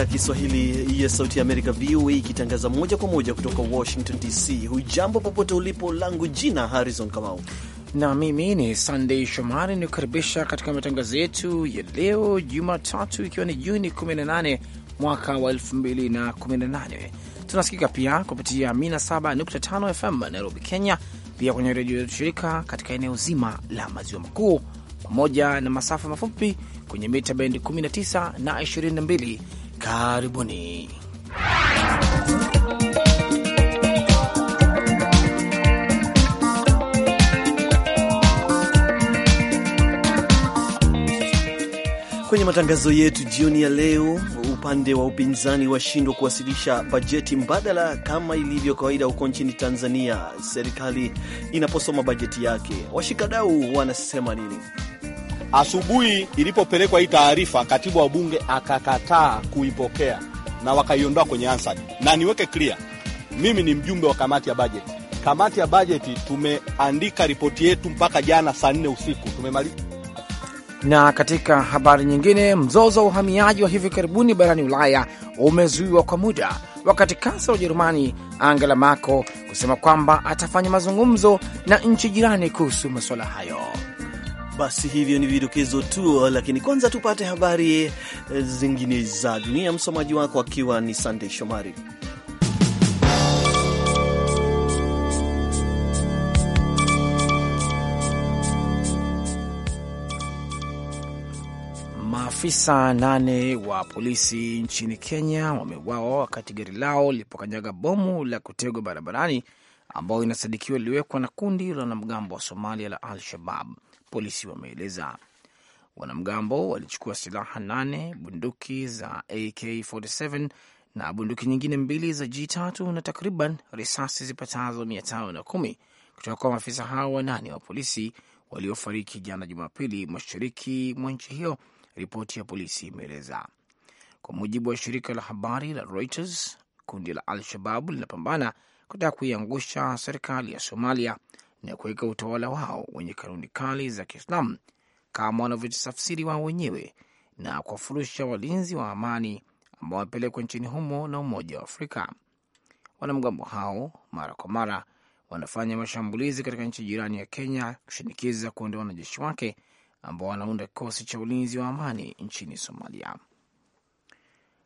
ya Kiswahili ya Sauti ya Amerika, VOA, ikitangaza moja kwa moja kutoka Washington DC. Hujambo popote ulipo, langu jina Harrison Kamau na mimi ni sandei Shomari, nikukaribisha katika matangazo yetu ya leo Jumatatu, ikiwa ni Juni 18 mwaka wa 2018. Tunasikika pia kupitia 107.5 FM Nairobi, Kenya, pia kwenye redio yetu shirika katika eneo zima la maziwa makuu pamoja na masafa mafupi kwenye mita bendi 19 na 22. Karibuni. Kwenye matangazo yetu jioni ya leo, upande wa upinzani washindwa kuwasilisha bajeti mbadala kama ilivyo kawaida huko nchini Tanzania serikali inaposoma bajeti yake. Washikadau wanasema nini? Asubuhi ilipopelekwa hii taarifa, katibu wa bunge akakataa kuipokea na wakaiondoa kwenye ansa Na niweke clear, mimi ni mjumbe wa kamati ya bajeti. Kamati ya bajeti tumeandika ripoti yetu mpaka jana saa nne usiku tumemaliza. Na katika habari nyingine, mzozo wa uhamiaji wa hivi karibuni barani Ulaya umezuiwa kwa muda, wakati kansela wa Ujerumani Angela Merkel kusema kwamba atafanya mazungumzo na nchi jirani kuhusu masuala hayo. Basi hivyo ni vidokezo tu, lakini kwanza tupate habari eh, zingine za dunia. Msomaji wako akiwa ni Sandey Shomari. Maafisa nane wa polisi nchini Kenya wameuawa wakati gari lao lilipokanyaga bomu la kutegwa barabarani ambayo inasadikiwa liliwekwa na kundi la wanamgambo wa Somalia la Al Shabab polisi wameeleza. Wanamgambo walichukua silaha nane, bunduki za AK47 na bunduki nyingine mbili za G3 na takriban risasi zipatazo kumi kutoka kwa maafisa hao wanane wa polisi waliofariki jana Jumapili mashariki mwa nchi hiyo, ripoti ya polisi imeeleza. Kwa mujibu wa shirika la habari la Reuters, kundi la Al-Shababu linapambana kutaka kuiangusha serikali ya Somalia na kuweka utawala wao wenye kanuni kali za Kiislamu kama wanavyotafsiri wao wenyewe na kuwafurusha walinzi wa amani ambao wamepelekwa nchini humo na Umoja wa Afrika. Wanamgambo hao mara kwa mara wanafanya mashambulizi katika nchi jirani ya Kenya kushinikiza kuondoa wanajeshi wake ambao wanaunda kikosi cha ulinzi wa amani nchini Somalia.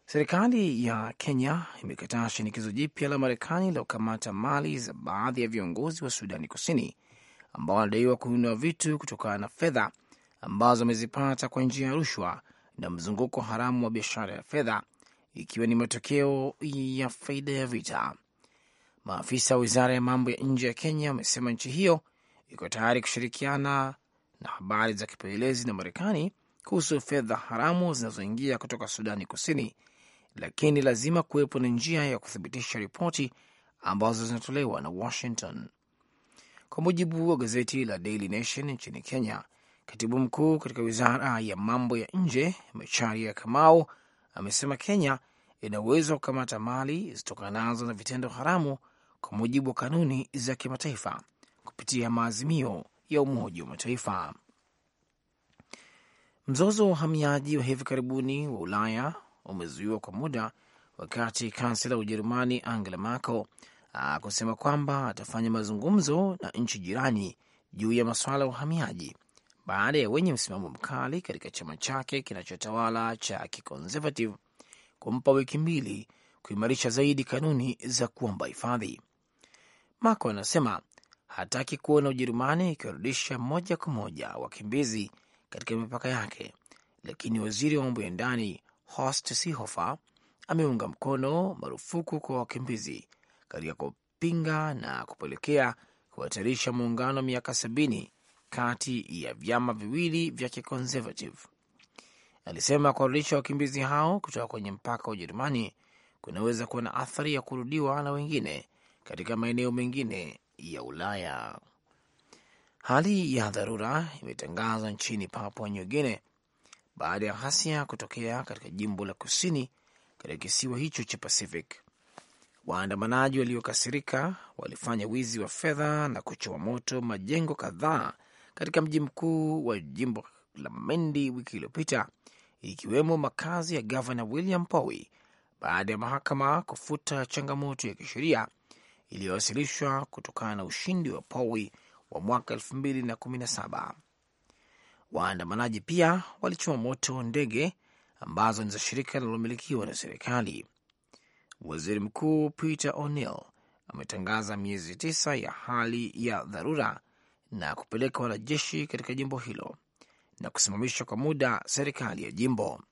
Serikali ya Kenya imekataa shinikizo jipya la Marekani la kukamata mali za baadhi ya viongozi wa Sudani Kusini ambao wanadaiwa kununua vitu kutokana na fedha ambazo wamezipata kwa njia ya rushwa na mzunguko haramu wa biashara ya fedha, ikiwa ni matokeo ya faida ya vita. Maafisa wa wizara ya mambo ya nje ya Kenya wamesema nchi hiyo iko tayari kushirikiana na habari za kipelelezi na Marekani kuhusu fedha haramu zinazoingia kutoka Sudani Kusini lakini lazima kuwepo na njia ya kuthibitisha ripoti ambazo zinatolewa na Washington. Kwa mujibu wa gazeti la Daily Nation nchini Kenya, katibu mkuu katika wizara ya mambo ya nje Macharia Kamau amesema Kenya ina uwezo wa kukamata mali zitokanazo na vitendo haramu kwa mujibu wa kanuni za kimataifa kupitia maazimio ya Umoja wa Mataifa. Mzozo wa uhamiaji wa hivi karibuni wa Ulaya umezuiwa kwa muda, wakati kansela wa Ujerumani Angela Merkel akusema kwamba atafanya mazungumzo na nchi jirani juu ya masuala ya uhamiaji baada ya wenye msimamo mkali katika chama chake kinachotawala cha kiconservative kumpa wiki mbili kuimarisha zaidi kanuni za kuomba hifadhi. Mako anasema hataki kuona Ujerumani ikiwarudisha moja kwa moja wakimbizi katika mipaka yake, lakini waziri wa mambo ya ndani Horst Seehofer ameunga mkono marufuku kwa wakimbizi katika kupinga na kupelekea kuhatarisha muungano wa miaka sabini kati ya vyama viwili vya kiconservative. Alisema kuwarudisha wakimbizi hao kutoka kwenye mpaka wa Ujerumani kunaweza kuwa na athari ya kurudiwa na wengine katika maeneo mengine ya Ulaya. Hali ya dharura imetangazwa nchini Papua New Guinea baada ya ghasia kutokea katika jimbo la kusini katika kisiwa hicho cha Pacific. Waandamanaji waliokasirika walifanya wizi wa fedha na kuchoma moto majengo kadhaa katika mji mkuu wa jimbo la Mendi wiki iliyopita, ikiwemo makazi ya gavana William Powie baada ya mahakama kufuta changamoto ya kisheria iliyowasilishwa kutokana na ushindi wa powi wa mwaka 217 Waandamanaji pia walichoma moto ndege ambazo ni za shirika linalomilikiwa na serikali. Waziri Mkuu Peter O'Neill ametangaza miezi tisa ya hali ya dharura na kupeleka wanajeshi katika jimbo hilo na kusimamisha kwa muda serikali ya jimbo.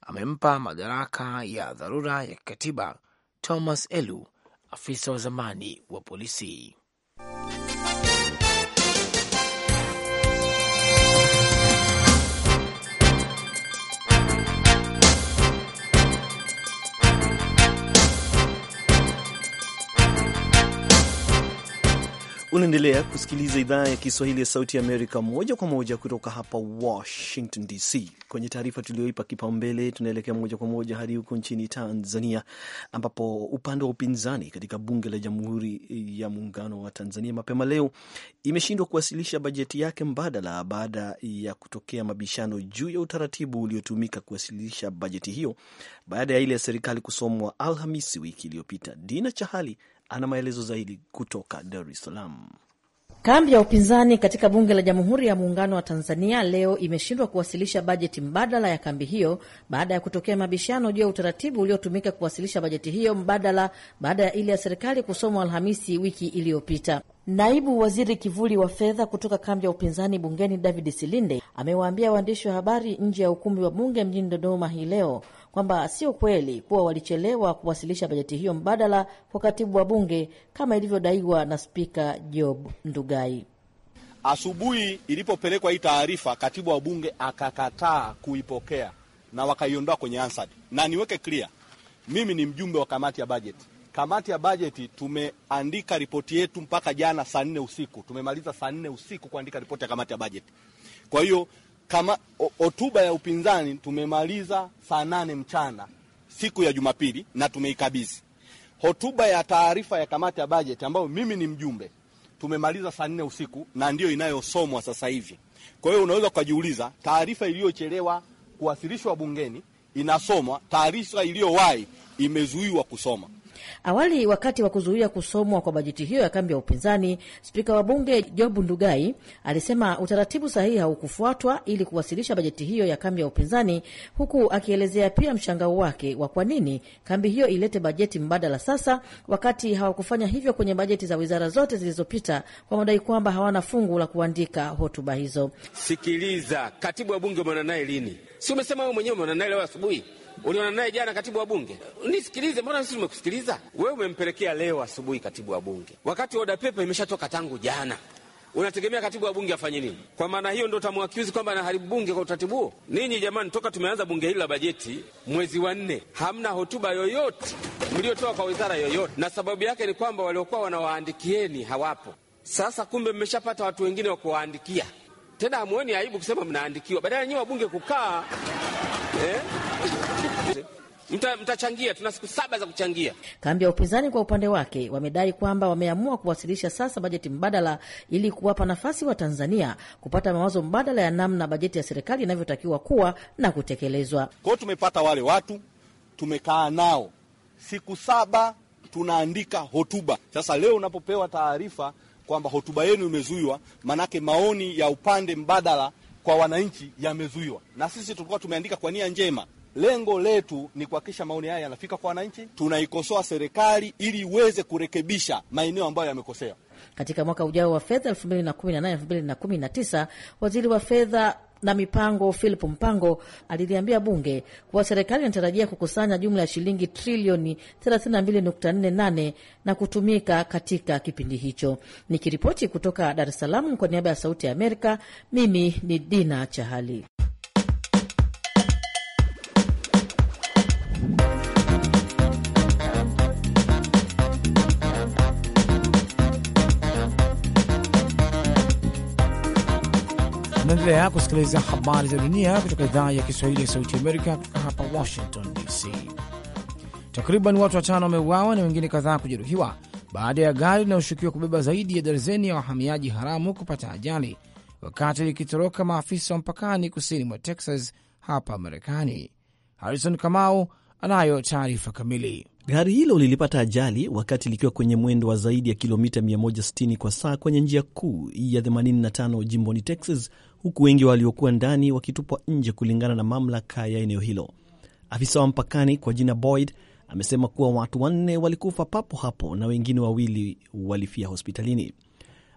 Amempa madaraka ya dharura ya kikatiba Thomas Elu, afisa wa zamani wa polisi. Unaendelea kusikiliza idhaa ya Kiswahili ya Sauti ya Amerika moja kwa moja kutoka hapa Washington DC. Kwenye taarifa tulioipa kipaumbele, tunaelekea moja kwa moja hadi huko nchini Tanzania, ambapo upande wa upinzani katika bunge la Jamhuri ya Muungano wa Tanzania mapema leo imeshindwa kuwasilisha bajeti yake mbadala baada ya kutokea mabishano juu ya utaratibu uliotumika kuwasilisha bajeti hiyo baada ya ile ya serikali kusomwa Alhamisi wiki iliyopita. Dina Chahali ana maelezo zaidi kutoka Dar es Salaam. Kambi ya upinzani katika bunge la Jamhuri ya Muungano wa Tanzania leo imeshindwa kuwasilisha bajeti mbadala ya kambi hiyo baada ya kutokea mabishano juu ya utaratibu uliotumika kuwasilisha bajeti hiyo mbadala baada ya ile ya serikali kusomwa Alhamisi wiki iliyopita. Naibu waziri kivuli wa fedha kutoka kambi ya upinzani bungeni David Silinde amewaambia waandishi wa habari nje ya ukumbi wa bunge mjini Dodoma hii leo kwamba sio kweli kuwa walichelewa kuwasilisha bajeti hiyo mbadala kwa katibu wa bunge kama ilivyodaiwa na Spika Job Ndugai. Asubuhi ilipopelekwa hii taarifa, katibu wa bunge akakataa kuipokea na wakaiondoa kwenye Hansard. Na niweke clear, mimi ni mjumbe wa kamati ya bajeti. Kamati ya bajeti tumeandika ripoti yetu mpaka jana saa nne usiku. Tumemaliza saa nne usiku kuandika ripoti ya kamati ya bajeti. Kwa hiyo kama hotuba ya upinzani tumemaliza saa nane mchana siku ya Jumapili na tumeikabidhi hotuba ya taarifa ya kamati ya bajeti ambayo mimi ni mjumbe tumemaliza saa nne usiku na ndiyo inayosomwa sasa hivi. Kwa hiyo unaweza ukajiuliza, taarifa iliyochelewa kuwasilishwa bungeni inasomwa, taarifa iliyowahi imezuiwa kusoma. Awali, wakati wa kuzuia kusomwa kwa bajeti hiyo ya kambi ya upinzani, spika wa bunge jobu Ndugai alisema utaratibu sahihi haukufuatwa ili kuwasilisha bajeti hiyo ya kambi ya upinzani, huku akielezea pia mshangao wake wa kwa nini kambi hiyo ilete bajeti mbadala sasa, wakati hawakufanya hivyo kwenye bajeti za wizara zote zilizopita, kwa madai kwamba hawana fungu la kuandika hotuba hizo. Sikiliza, katibu wa bunge umeona naye lini? Si umesema wewe mwenyewe umeona naye leo asubuhi? uliona naye jana katibu wa bunge? Nisikilize, mbona sisi tumekusikiliza wewe? Umempelekea leo asubuhi katibu wa bunge, wakati oda pepa imeshatoka tangu jana unategemea katibu wa bunge afanye nini? Kwa maana hiyo ndo utamwakiuzi kwamba anaharibu bunge kwa utaratibu huo? Ninyi jamani, toka tumeanza bunge hili la bajeti mwezi wa nne, hamna hotuba yoyote mliotoa kwa wizara yoyote, na sababu yake ni kwamba waliokuwa wanawaandikieni hawapo. Sasa kumbe mmeshapata watu wengine wa kuwaandikia tena, hamuoni aibu kusema mnaandikiwa, badala nyinyi wabunge kukaa eh? Mtachangia, mta tuna siku saba za kuchangia. Kambi ya upinzani kwa upande wake wamedai kwamba wameamua kuwasilisha sasa bajeti mbadala ili kuwapa nafasi wa Tanzania kupata mawazo mbadala ya namna bajeti ya serikali inavyotakiwa kuwa na kutekelezwa. Kwa hiyo tumepata wale watu, tumekaa nao siku saba, tunaandika hotuba. Sasa leo unapopewa taarifa kwamba hotuba yenu imezuiwa, maanake maoni ya upande mbadala kwa wananchi yamezuiwa, na sisi tulikuwa tumeandika kwa nia njema Lengo letu ni kuhakikisha maoni haya yanafika kwa wananchi. Tunaikosoa serikali ili iweze kurekebisha maeneo ambayo yamekosea. Katika mwaka ujao wa fedha 2018 2019 waziri wa fedha na mipango Philip Mpango aliliambia bunge kuwa serikali inatarajia kukusanya jumla ya shilingi trilioni 32.48 na kutumika katika kipindi hicho. Nikiripoti kutoka Dar es Salaam kwa niaba ya Sauti ya Amerika, mimi ni Dina Chahali. Unaendelea kusikiliza habari za dunia kutoka idhaa ya Kiswahili ya Sauti Amerika kutoka hapa Washington DC. Takriban watu watano wameuawa na wengine kadhaa kujeruhiwa baada ya gari linaloshukiwa kubeba zaidi ya darzeni ya wahamiaji haramu kupata ajali wakati likitoroka maafisa wa mpakani kusini mwa Texas hapa Marekani. Harrison Kamau anayo taarifa kamili. Gari hilo lilipata ajali wakati likiwa kwenye mwendo wa zaidi ya kilomita 160 kwa saa kwenye njia kuu ya 85 jimboni Texas, huku wengi waliokuwa ndani wakitupwa nje, kulingana na mamlaka ya eneo hilo. Afisa wa mpakani kwa jina Boyd amesema kuwa watu wanne walikufa papo hapo na wengine wawili walifia hospitalini.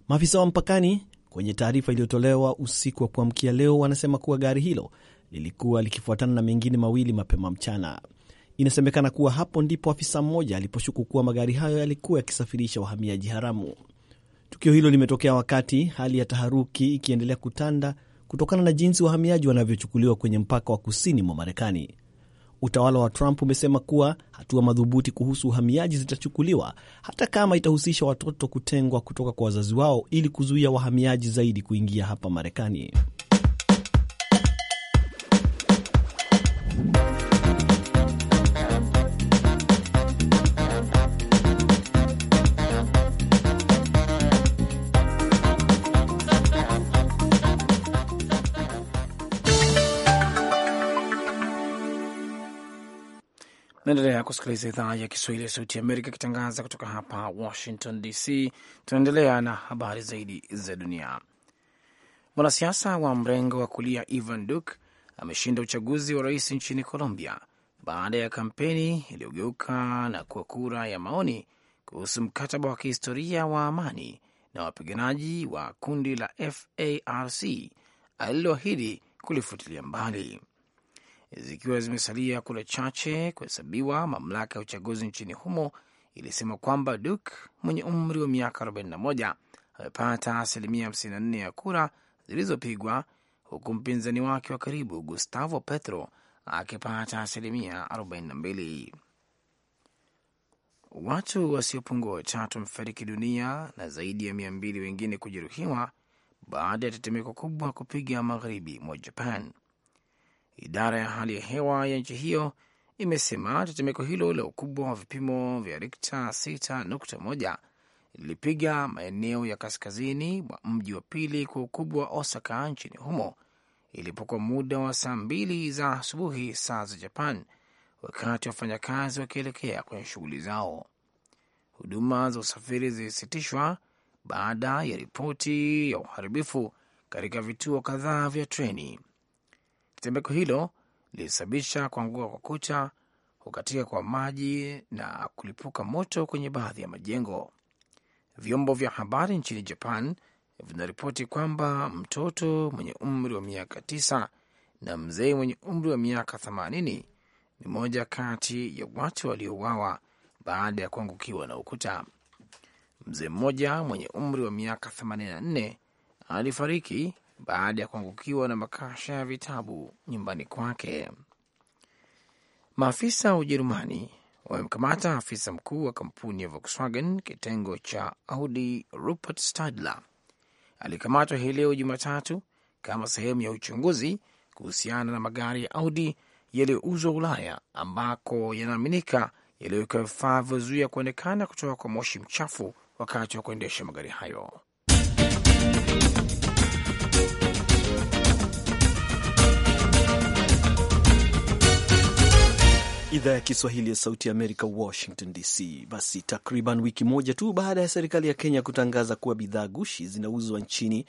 Maafisa wa mpakani kwenye taarifa iliyotolewa usiku wa kuamkia leo wanasema kuwa gari hilo lilikuwa likifuatana na mengine mawili mapema mchana. Inasemekana kuwa hapo ndipo afisa mmoja aliposhuku kuwa magari hayo yalikuwa yakisafirisha wahamiaji haramu. Tukio hilo limetokea wakati hali ya taharuki ikiendelea kutanda kutokana na jinsi wahamiaji wanavyochukuliwa kwenye mpaka wa kusini mwa Marekani. Utawala wa Trump umesema kuwa hatua madhubuti kuhusu uhamiaji zitachukuliwa hata kama itahusisha watoto kutengwa kutoka kwa wazazi wao ili kuzuia wahamiaji zaidi kuingia hapa Marekani. Naendelea kusikiliza idhaa ya Kiswahili ya Sauti ya Amerika ikitangaza kutoka hapa Washington DC. Tunaendelea na habari zaidi za dunia. Mwanasiasa wa mrengo wa kulia Ivan Duque ameshinda uchaguzi wa rais nchini Colombia baada ya kampeni iliyogeuka na kuwa kura ya maoni kuhusu mkataba wa kihistoria wa amani na wapiganaji wa kundi la FARC aliloahidi kulifutilia mbali zikiwa zimesalia kura chache kuhesabiwa. Mamlaka ya uchaguzi nchini humo ilisema kwamba Duk mwenye umri wa miaka 41 amepata asilimia 54 ya kura zilizopigwa huku mpinzani wake wa karibu Gustavo Petro akipata asilimia 42. Watu wasiopungua watatu wamefariki dunia na zaidi ya mia mbili wengine kujeruhiwa baada ya tetemeko kubwa kupiga magharibi mwa Japan. Idara ya hali ya hewa ya nchi hiyo imesema tetemeko hilo la ukubwa wa vipimo vya Rikta 6.1 lilipiga maeneo ya kaskazini mwa mji wa pili kwa ukubwa wa Osaka nchini humo ilipokuwa muda wa saa mbili za asubuhi saa za Japan, wakati wafanyakazi wakielekea kwenye shughuli zao. Huduma za usafiri zilisitishwa baada ya ripoti ya uharibifu katika vituo kadhaa vya treni. Tetemeko hilo lilisababisha kuanguka kwa kuta, kukatika kwa maji na kulipuka moto kwenye baadhi ya majengo. Vyombo vya habari nchini Japan vinaripoti kwamba mtoto mwenye umri wa miaka tisa na mzee mwenye umri wa miaka themanini ni moja kati ya watu waliouawa baada ya kuangukiwa na ukuta. Mzee mmoja mwenye umri wa miaka 84 alifariki baada ya kuangukiwa na makasha ya vitabu nyumbani kwake. Maafisa wa Ujerumani wamemkamata afisa mkuu wa kampuni ya Volkswagen kitengo cha Audi, Rupert Stadler alikamatwa hii leo Jumatatu kama sehemu ya uchunguzi kuhusiana na magari ya Audi yaliyouzwa Ulaya ambako yanaaminika yaliyowekwa vifaa vyozuia kuonekana kutoka kwa moshi mchafu wakati wa kuendesha magari hayo. Idhaa ya Kiswahili ya Sauti ya Amerika, Washington DC. Basi takriban wiki moja tu baada ya serikali ya Kenya kutangaza kuwa bidhaa gushi zinauzwa nchini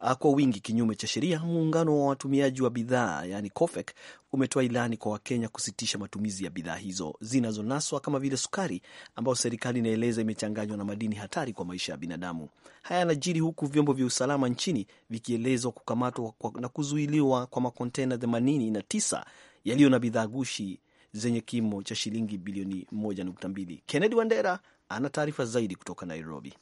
ah, kwa wingi kinyume cha sheria, muungano wa watumiaji wa bidhaa yani COFEC umetoa ilani kwa Wakenya kusitisha matumizi ya bidhaa hizo zinazonaswa kama vile sukari, ambayo serikali inaeleza imechanganywa na madini hatari kwa maisha ya binadamu. Haya yanajiri huku vyombo vya usalama nchini vikielezwa kukamatwa na kuzuiliwa kwa makontena 89 yaliyo na bidhaa gushi zenye kimo cha shilingi bilioni 1.2. Kennedy Wandera ana taarifa zaidi kutoka Nairobi.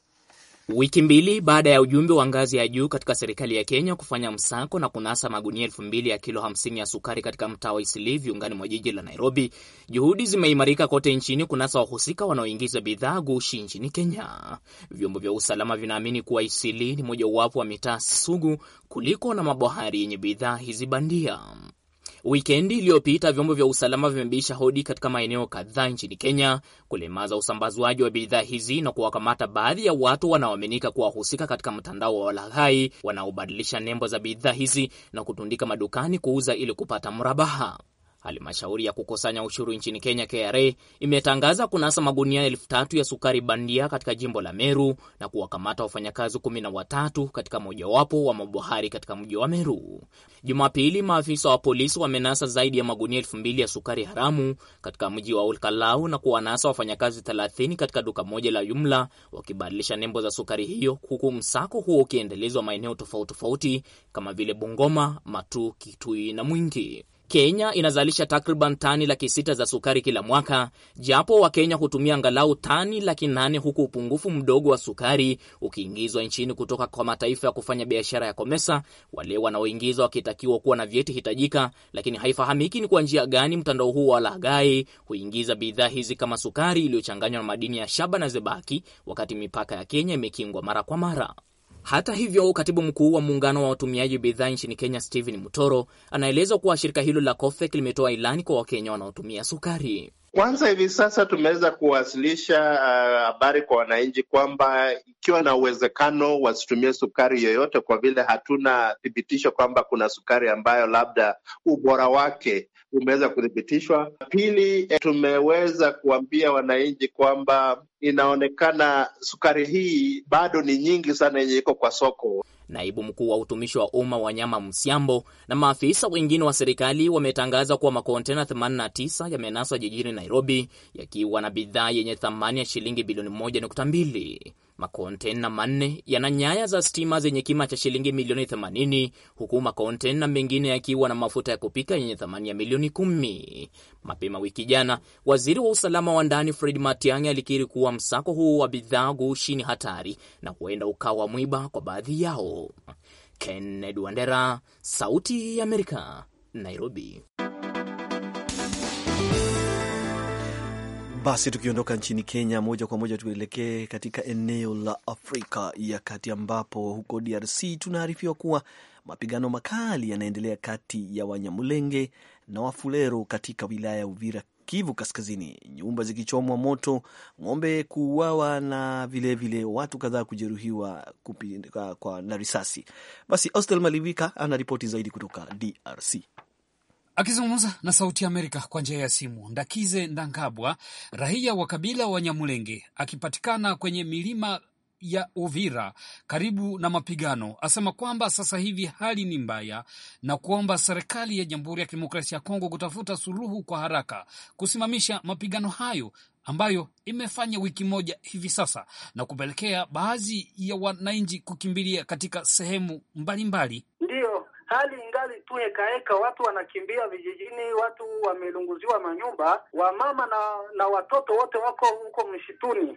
Wiki mbili baada ya ujumbe wa ngazi ya juu katika serikali ya Kenya kufanya msako na kunasa magunia elfu mbili ya kilo 50 ya sukari katika mtaa wa isli viungani mwa jiji la Nairobi, juhudi zimeimarika kote nchini kunasa wahusika wanaoingiza bidhaa gushi nchini Kenya. Vyombo vya usalama vinaamini kuwa isli ni mojawapo wa mitaa sugu kuliko na mabohari yenye bidhaa hizi bandia. Wikendi iliyopita vyombo vya usalama vimebisha hodi katika maeneo kadhaa nchini Kenya kulemaza usambazwaji wa bidhaa hizi na kuwakamata baadhi ya watu wanaoaminika kuwahusika katika mtandao wa walaghai wanaobadilisha nembo za bidhaa hizi na kutundika madukani kuuza ili kupata mrabaha. Halmashauri ya kukusanya ushuru nchini Kenya, KRA, imetangaza kunasa magunia elfu tatu ya sukari bandia katika jimbo la Meru na kuwakamata wafanyakazi kumi na watatu katika mojawapo wa mabohari katika mji wa Meru. Jumapili, maafisa wa polisi wamenasa zaidi ya magunia elfu mbili ya sukari haramu katika mji wa ulkalau na kuwanasa wafanyakazi 30 katika duka moja la jumla wakibadilisha nembo za sukari hiyo, huku msako huo ukiendelezwa maeneo tofauti tofauti kama vile Bungoma, Matu, Kitui na Mwingi. Kenya inazalisha takriban tani laki sita za sukari kila mwaka, japo Wakenya hutumia angalau tani laki nane huku upungufu mdogo wa sukari ukiingizwa nchini kutoka kwa mataifa ya kufanya biashara ya Komesa, wale wanaoingizwa wakitakiwa kuwa na vyeti hitajika, lakini haifahamiki ni kwa njia gani mtandao huu wa lagai huingiza bidhaa hizi kama sukari iliyochanganywa na madini ya shaba na zebaki, wakati mipaka ya Kenya imekingwa mara kwa mara. Hata hivyo, katibu mkuu wa muungano wa watumiaji bidhaa nchini Kenya, Stephen Mutoro, anaeleza kuwa shirika hilo la Cofec limetoa ilani kwa Wakenya wanaotumia sukari. Kwanza, hivi sasa tumeweza kuwasilisha uh, habari uh, kwa wananchi kwamba ikiwa na uwezekano wasitumie sukari yoyote, kwa vile hatuna thibitisho kwamba kuna sukari ambayo labda ubora wake umeweza kuthibitishwa. Pili, eh, tumeweza kuambia wananchi kwamba inaonekana sukari hii bado ni nyingi sana yenye iko kwa soko. Naibu mkuu wa utumishi wa umma Wanyama Msiambo na maafisa wengine wa serikali wametangaza kuwa makontena 89 yamenaswa jijini Nairobi yakiwa na bidhaa yenye thamani ya shilingi bilioni 1.2 makontena manne yana nyaya za stima zenye kima cha shilingi milioni 80 huku makontena mengine yakiwa na mafuta ya kupika yenye thamani ya milioni 10. Mapema wiki jana, waziri wa usalama wa ndani Fred Matiang'i alikiri kuwa msako huu wa bidhaa gushi ni hatari na huenda ukawa mwiba kwa baadhi yao. Kennedy Wandera, Sauti ya Amerika, Nairobi. Basi tukiondoka nchini Kenya moja kwa moja tuelekee katika eneo la Afrika ya Kati, ambapo huko DRC tunaarifiwa kuwa mapigano makali yanaendelea kati ya Wanyamulenge na Wafulero katika wilaya ya Uvira, Kivu Kaskazini, nyumba zikichomwa moto, ng'ombe kuuawa na vilevile vile watu kadhaa kujeruhiwa na risasi. Basi Austel Malivika ana ripoti zaidi kutoka DRC. Akizungumza na Sauti Amerika kwa njia ya simu, Ndakize Ndangabwa, raia wa kabila wa Nyamulenge akipatikana kwenye milima ya Uvira karibu na mapigano, asema kwamba sasa hivi hali ni mbaya na kuomba serikali ya Jamhuri ya Kidemokrasia ya Kongo kutafuta suluhu kwa haraka kusimamisha mapigano hayo ambayo imefanya wiki moja hivi sasa na kupelekea baadhi ya wananchi kukimbilia katika sehemu mbalimbali. Ndiyo, hali ingali tu ekaeka, watu wanakimbia vijijini, watu wamelunguziwa manyumba, wamama na na watoto wote wako huko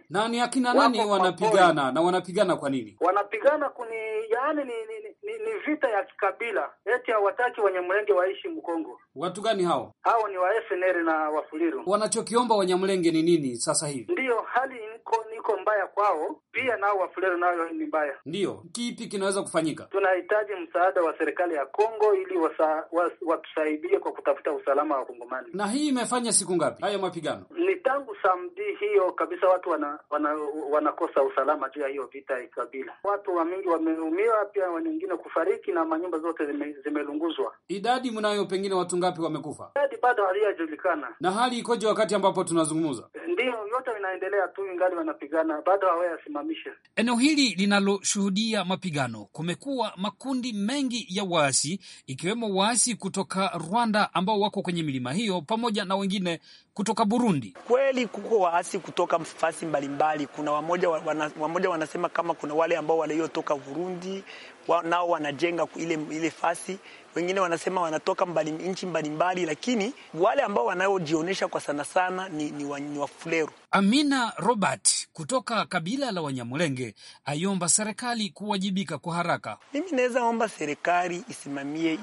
Na ni akina nani wanapigana na wanapigana kwa nini? Wanapigana kuni, yaani ni, ni, ni, ni vita ya kikabila, eti hawataki Wanyamulenge waishi Mkongo. Watu gani hao? Hao ni wa FNL na Wafuliru. Wanachokiomba Wanyamulenge ni nini sasa hivi? Ndiyo hali niko niko mbaya kwao, pia nao Wafuliru nayo ni mbaya. Ndiyo kipi kinaweza kufanyika? Tunahitaji msaada wa serikali ya Kongo ili wasa, was, watusaidie kwa kutafuta usalama wa Kongomani. Na hii imefanya siku ngapi hayo mapigano? Ni tangu samdi hiyo kabisa, watu wana, wana, wanakosa usalama juu ya hiyo vita ya kabila. Watu wa mingi wameumiwa, pia wengine kufariki na manyumba zote zime, zimelunguzwa. Idadi mnayo pengine watu ngapi wamekufa? Idadi bado haliyajulikana. Na hali ikoje wakati ambapo tunazungumza? Ndiyo, yote inaendelea tu, ingali wanapigana bado, hawayasimamisha. Eneo hili linaloshuhudia mapigano, kumekuwa makundi mengi ya waasi ikiwa wakiwemo waasi kutoka Rwanda ambao wako kwenye milima hiyo pamoja na wengine kutoka Burundi. Kweli kuko waasi kutoka fasi mbalimbali. Kuna wamoja, wana, wamoja wanasema kama kuna wale ambao waliotoka Burundi, wa, nao wanajenga ile, ile fasi. Wengine wanasema wanatoka mbali, nchi mbalimbali, lakini wale ambao wanaojionyesha kwa sana sana ni, ni, wa, ni Wafuleru. Amina Robert kutoka kabila la Wanyamulenge aiomba serikali kuwajibika kwa haraka. Mimi naweza omba serikali isimamie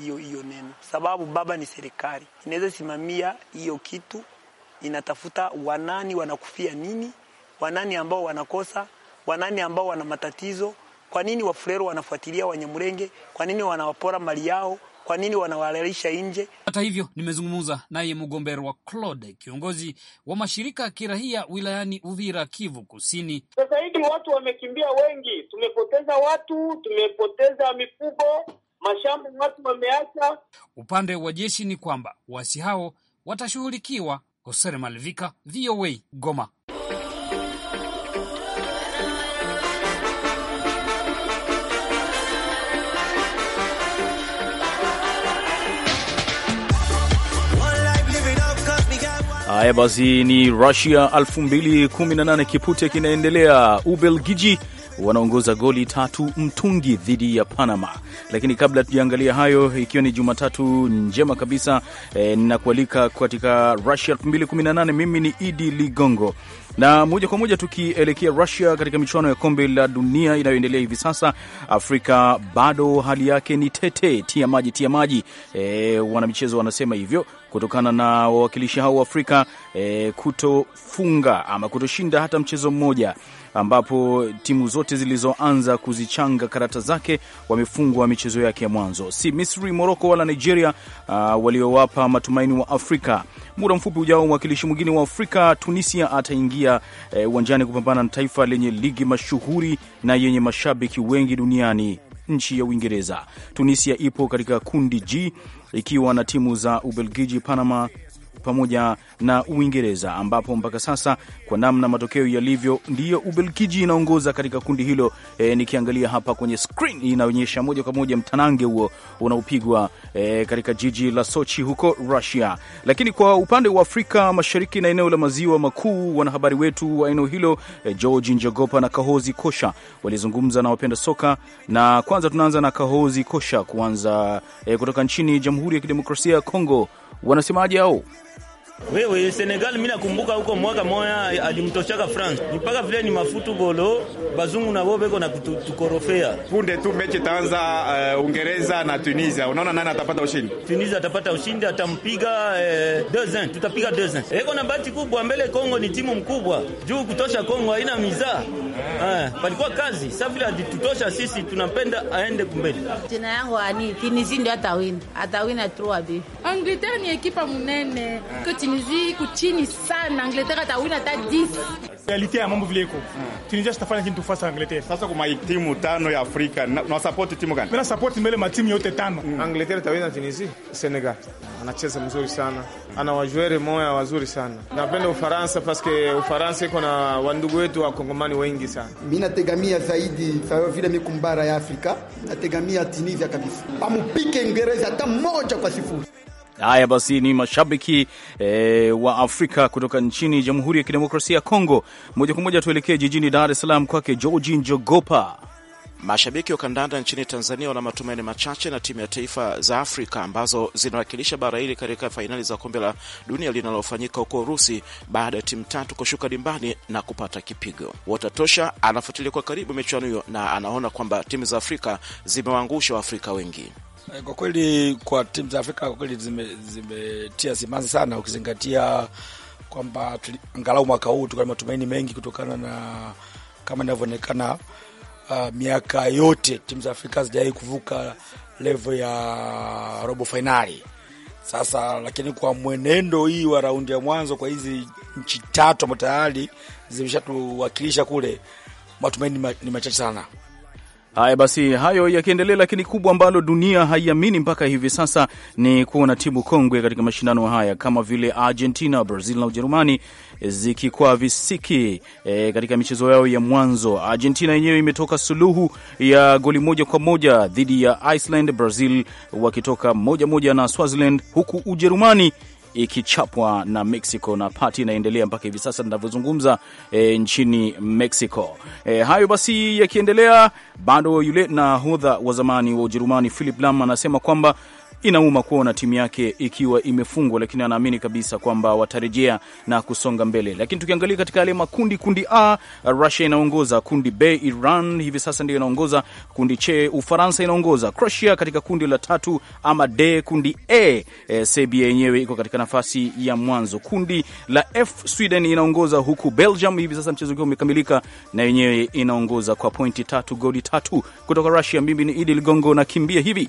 hiyo hiyo neno, sababu baba ni serikali inaweza simamia hiyo kitu, inatafuta wanani wanakufia nini, wanani ambao wanakosa, wanani ambao wana matatizo kwa nini Wafulero wanafuatilia Wanyamulenge? Kwa nini wanawapora mali yao? Kwa nini wanawalalisha nje? Hata hivyo, nimezungumza naye mgombea wa Claude, kiongozi wa mashirika ya kirahia wilayani Uvira, Kivu Kusini. Sasa hivi watu wamekimbia wengi, tumepoteza watu, tumepoteza mifugo, mashamba watu wameacha. Upande wa jeshi ni kwamba wasi hao watashughulikiwa. Hosere Malvika, VOA, Goma. Haya basi, ni Russia 2018 kipute kinaendelea. Ubelgiji wanaongoza goli tatu mtungi dhidi ya Panama. Lakini kabla tujaangalia hayo, ikiwa ni Jumatatu njema kabisa eh, ninakualika e, katika Russia 2018. Mimi ni Idi Ligongo na moja kwa moja tukielekea Russia katika michuano ya kombe la dunia inayoendelea hivi sasa. Afrika bado hali yake ni tete, tia maji tia maji, e, wanamichezo wanasema hivyo, kutokana na wawakilishi hao wa Afrika e, kutofunga ama kutoshinda hata mchezo mmoja, ambapo timu zote zilizoanza kuzichanga karata zake wamefungwa michezo yake ya mwanzo. Si Misri, Moroko wala Nigeria uh, waliowapa matumaini wa Afrika. Muda mfupi ujao, mwakilishi mwingine wa Afrika, Tunisia, ataingia eh, uwanjani e, kupambana na taifa lenye ligi mashuhuri na yenye mashabiki wengi duniani, nchi ya Uingereza. Tunisia ipo katika kundi G ikiwa na timu za Ubelgiji, Panama, pamoja na Uingereza, ambapo mpaka sasa kwa namna matokeo yalivyo ndiyo Ubelgiji inaongoza katika kundi hilo. E, nikiangalia hapa kwenye screen inaonyesha moja kwa moja mtanange huo unaopigwa e, katika jiji la Sochi huko Russia. Lakini kwa upande wa Afrika Mashariki na eneo la maziwa makuu, wanahabari wetu wa eneo hilo e, George Njogopa na Kahozi Kosha walizungumza na wapenda soka, na kwanza tunaanza na Kahozi Kosha kuanza e, kutoka nchini Jamhuri ya Kidemokrasia ya Kongo, wanasemaje hao? Wewe Senegal, mimi nakumbuka huko mwaka moja alimtoshaka France mpaka vile ni mafutu golo bazungu na wao beko na kutukorofea punde tu mechi taanza. Uh, eh, Uingereza na Tunisia, unaona nani atapata ushindi? Tunisia atapata ushindi, atampiga 2-1. Eh, uh, tutapiga 2-1. Eko na bahati kubwa mbele, Kongo ni timu mkubwa juu kutosha Kongo haina mizaa eh, uh, palikuwa kazi sasa, vile atutosha sisi, tunapenda aende kumbele. Jina yangu ani Tunisia, ndio atawina atawina 3-2. Angleterre ni ekipa munene Yeah. Tunisie iko chini sana, Angleterre atawina hata 10. Reality ya mambo vile iko. Tunisia sitafanya kitu tofauti Angleterre. Sasa kwa timu tano ya Afrika na support timu gani? Mimi support mbele ma timu yote tano. Mm. Angleterre tawina Tunisia, Senegal. Anacheza mzuri sana. Ana wajuere moya wazuri sana. Napenda Ufaransa paske Ufaransa iko na wandugu wetu wa Kongomani wengi sana. Mimi nategamia zaidi sawa vile mikumbara ya Afrika. Nategamia Tunisia kabisa. Amupike Ingereza hata moja kwa sifuri. Haya basi, ni mashabiki e, wa Afrika kutoka nchini Jamhuri ya Kidemokrasia ya Kongo. Moja kwa moja tuelekee jijini Dar es Salaam kwake Georgi Njogopa. Mashabiki wa kandanda nchini Tanzania wana matumaini machache na timu ya taifa za Afrika ambazo zinawakilisha bara hili katika fainali za kombe la dunia linalofanyika huko Urusi, baada ya timu tatu kushuka dimbani na kupata kipigo. Watatosha anafuatilia kwa karibu michuano hiyo na anaona kwamba timu za Afrika zimewaangusha Waafrika wengi. Eh, kwa kweli kwa timu za Afrika kwa kweli zimetia simanzi sana, ukizingatia kwamba angalau mwaka huu tuka na matumaini mengi kutokana na kama inavyoonekana, uh, miaka yote timu za Afrika zijai kuvuka levo ya robo fainali sasa lakini kwa mwenendo hii wa raundi ya mwanzo kwa hizi nchi tatu ambazo tayari zimeshatuwakilisha kule, matumaini ni machache sana. Haya basi, hayo yakiendelea, lakini kubwa ambalo dunia haiamini mpaka hivi sasa ni kuona timu kongwe katika mashindano haya kama vile Argentina, Brazil na Ujerumani zikikwaa visiki e, katika michezo yao ya mwanzo. Argentina yenyewe imetoka suluhu ya goli moja kwa moja dhidi ya Iceland, Brazil wakitoka moja moja na Swaziland, huku Ujerumani ikichapwa na Mexico, na pati inaendelea mpaka hivi sasa ninavyozungumza e, nchini Mexico. E, hayo basi yakiendelea, bado yule nahodha wa zamani wa Ujerumani Philip Lahm anasema kwamba inauma kuona timu yake ikiwa imefungwa, lakini anaamini kabisa kwamba watarejea na kusonga mbele. Lakini tukiangalia katika yale makundi, kundi A Russia inaongoza, kundi B Iran hivi sasa ndio inaongoza, kundi C Ufaransa inaongoza, Croatia katika kundi la tatu ama D. Kundi A e, eh, Serbia yenyewe iko katika nafasi ya mwanzo. Kundi la F Sweden inaongoza, huku Belgium hivi sasa mchezo ukiwa umekamilika, na yenyewe inaongoza kwa pointi tatu, goli tatu kutoka Russia. Mimi ni Idi Ligongo, nakimbia hivi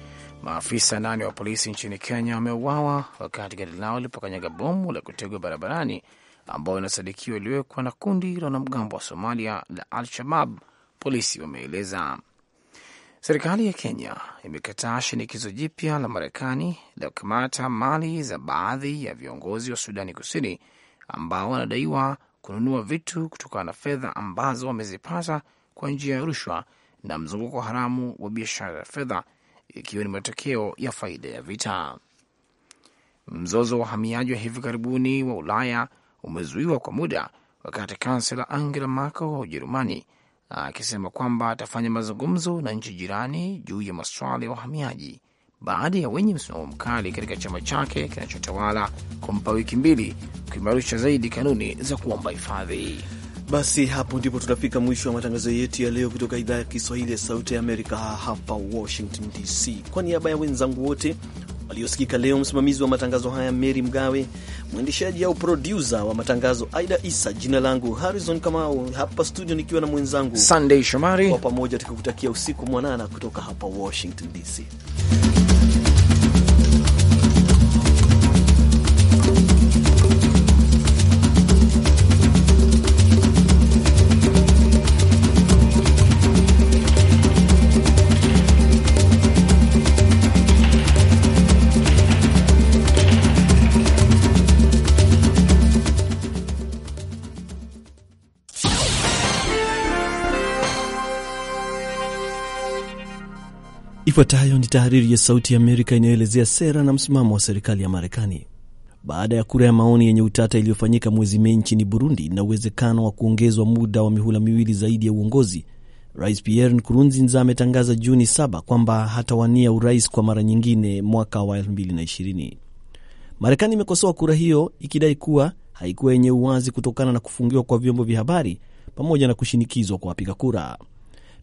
Maafisa nane wa polisi nchini Kenya wameuawa wakati gari lao lilipokanyaga bomu la kutegwa barabarani ambayo inasadikiwa iliwekwa na kundi la wanamgambo wa Somalia la Al-Shabab, polisi wameeleza. Serikali ya Kenya imekataa shinikizo jipya la Marekani la kukamata mali za baadhi ya viongozi wa Sudani Kusini ambao wanadaiwa kununua vitu kutokana na fedha ambazo wamezipata kwa njia ya rushwa na mzunguko haramu wa biashara ya fedha ikiwa ni matokeo ya faida ya vita. Mzozo wa uhamiaji wa hivi karibuni wa Ulaya umezuiwa kwa muda wakati kansela Angela Merkel wa Ujerumani akisema kwamba atafanya mazungumzo na nchi jirani juu ya masuala ya uhamiaji baada ya wenye msimamo mkali katika chama chake kinachotawala kumpa wiki mbili kuimarisha zaidi kanuni za kuomba hifadhi. Basi hapo ndipo tunafika mwisho wa matangazo yetu ya leo kutoka idhaa ya Kiswahili ya Sauti ya Amerika hapa Washington DC. Kwa niaba ya wenzangu wote waliosikika leo, msimamizi wa matangazo haya Mary Mgawe, mwendeshaji au produsa wa matangazo Aida Isa, jina langu Harrison Kamau, hapa studio nikiwa na mwenzangu Sunday Shomari. Kwa pamoja tukikutakia usiku mwanana kutoka hapa Washington DC. Ifuatayo ni tahariri ya Sauti ya Amerika inayoelezea sera na msimamo wa serikali ya Marekani. Baada ya kura ya maoni yenye utata iliyofanyika mwezi Mei nchini Burundi na uwezekano wa kuongezwa muda wa mihula miwili zaidi ya uongozi, Rais Pierre Nkurunziza ametangaza Juni 7 kwamba hatawania urais kwa mara nyingine mwaka wa 2020. Marekani imekosoa kura hiyo ikidai kuwa haikuwa yenye uwazi kutokana na kufungiwa kwa vyombo vya habari pamoja na kushinikizwa kwa wapiga kura.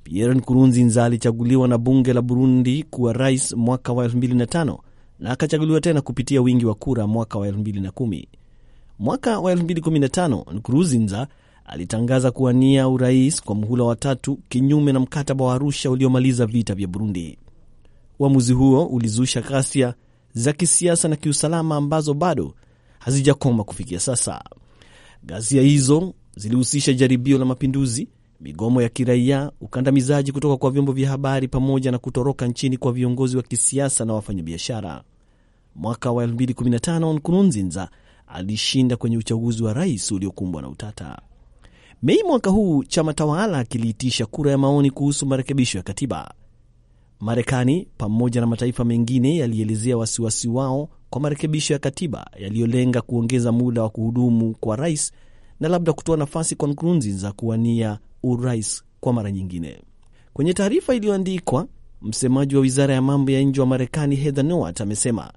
Pierre Nkurunziza alichaguliwa na bunge la Burundi kuwa rais mwaka wa 2005 na akachaguliwa tena kupitia wingi wa kura mwaka wa 2010. Mwaka wa 2015 Nkurunziza alitangaza kuwania urais kwa muhula wa tatu kinyume na mkataba wa Arusha uliomaliza vita vya Burundi. Uamuzi huo ulizusha ghasia za kisiasa na kiusalama ambazo bado hazijakoma kufikia sasa. Ghasia hizo zilihusisha jaribio la mapinduzi, migomo ya kiraia, ukandamizaji kutoka kwa vyombo vya habari, pamoja na kutoroka nchini kwa viongozi wa kisiasa na wafanyabiashara. Mwaka wa 2015 Nkurunziza alishinda kwenye uchaguzi wa rais uliokumbwa na utata. Mei mwaka huu chama tawala kiliitisha kura ya maoni kuhusu marekebisho ya katiba. Marekani pamoja na mataifa mengine yalielezea wasiwasi wao kwa marekebisho ya katiba yaliyolenga kuongeza muda wa kuhudumu kwa rais na labda kutoa nafasi kwa Nkurunziza kuwania urais kwa mara nyingine. Kwenye taarifa iliyoandikwa, msemaji wa wizara ya mambo ya nje wa Marekani Heather Nauert amesema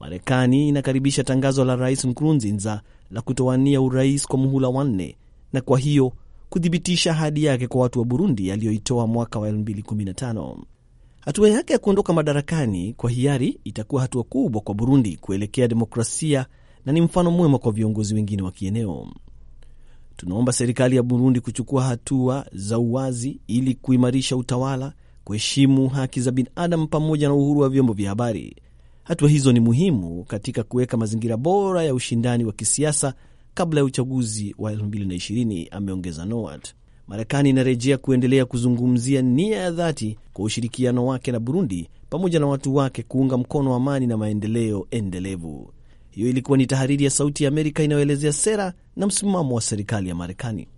Marekani inakaribisha tangazo la rais Nkurunziza la kutowania urais kwa muhula wanne na kwa hiyo kuthibitisha ahadi yake kwa watu wa Burundi aliyoitoa mwaka wa 2015. Hatua yake ya kuondoka madarakani kwa hiari itakuwa hatua kubwa kwa Burundi kuelekea demokrasia na ni mfano mwema kwa viongozi wengine wa kieneo. Tunaomba serikali ya Burundi kuchukua hatua za uwazi ili kuimarisha utawala, kuheshimu haki za binadamu pamoja na uhuru wa vyombo vya habari. Hatua hizo ni muhimu katika kuweka mazingira bora ya ushindani wa kisiasa kabla ya uchaguzi wa 2020, ameongeza Nowat. Marekani inarejea kuendelea kuzungumzia nia ya dhati kwa ushirikiano wake na Burundi pamoja na watu wake kuunga mkono amani na maendeleo endelevu. Hiyo ilikuwa ni tahariri ya Sauti ya Amerika inayoelezea sera na msimamo wa serikali ya Marekani.